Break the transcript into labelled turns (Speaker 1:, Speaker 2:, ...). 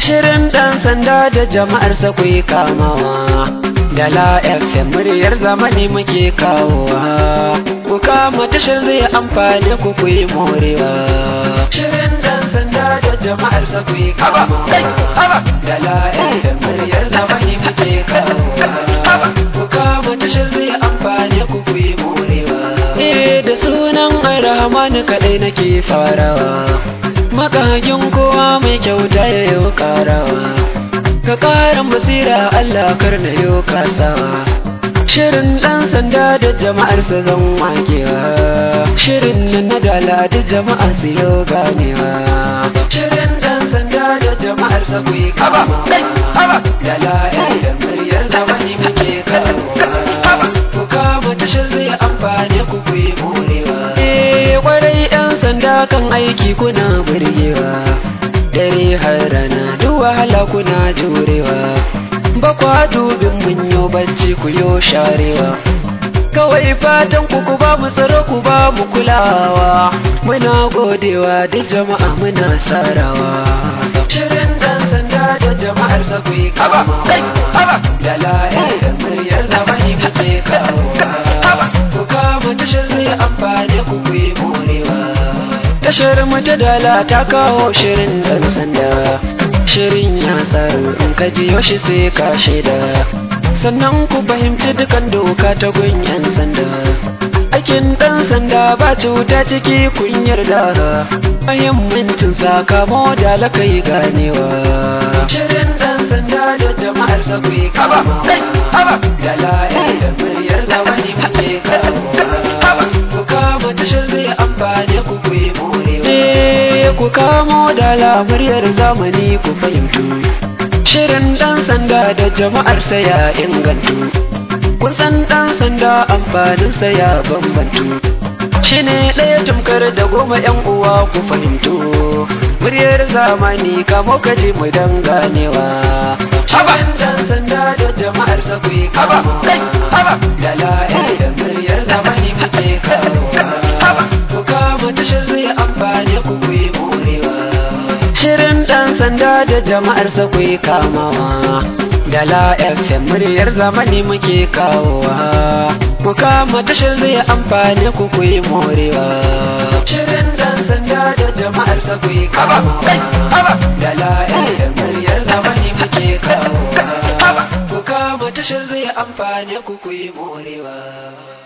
Speaker 1: Shirin ɗan sanda da jama'arsa ku yi kamawa. Dala FM muryar zamani muke kawowa. Ku kama tashar zai amfani ku ku yi morewa. Shirin ɗan sanda da jama'arsa ku yi kamawa. Dala FM muryar zamani muke kawowa. Ku kama tashar zai amfani ku ku yi morewa. Eh da sunan Arhamani kaɗai nake farawa. makagin kowa mai kyauta ya yau karawa ka karin basira Allah kar na yau kasawa shirin ɗan sanda da jama'ar sa zan wakewa shirin nan na dala da jama'a su yau ganewa shirin ɗan sanda da sa ku yi kama lala ya da muryar zamani muke kawowa ku kama tashar zai amfani ku ku yi morewa eh, kwarai 'yan sanda kan aiki kuna jurewa ba ku dubin mun yo bacci ku yo sharewa kawai fatan ku ku ba mu tsaro ku ba mu kulawa muna godewa da jama'a muna sarawa shirin dan sanda da jama'ar sa ku yi kama da la'ayi da muryar da mai kuke kawowa ku kama tashar da amfani ku yi morewa tashar mu ta dala ta kawo shirin dan sanda ka jiyo shi sai ka shaida sannan ku fahimci dukan doka ta gun yan sanda aikin dan sanda ba cuta ciki kun yarda muhimmancin sakamo da lakai ganewa shirin dan sanda da jama'ar sa ku kama da la'ayi da muryar wani muke kama ku kama tashar zai amfane ku ku yi morewa eh, ku kamo da la zamani ku fahimtu Shirin ɗan sanda da jama'arsa ya ingantu.
Speaker 2: Kun san ɗan sanda
Speaker 1: amfanin sa ya bambantu. Shi ne ɗaya tumkar da goma ‘yan uwa ku fahimto. Muryar zamani kamo kaji mu dan ganewa. Shirin ɗan sanda da sa ku yi kama. sanda da jama'ar sa ku kamawa dala fm muryar zamani muke kawowa ku kama tashar zai amfani ku ku yi morewa shirin dan sanda da jama'ar sa ku kamawa dala fm muryar zamani muke kawowa ku kama tashar zai amfani ku ku yi morewa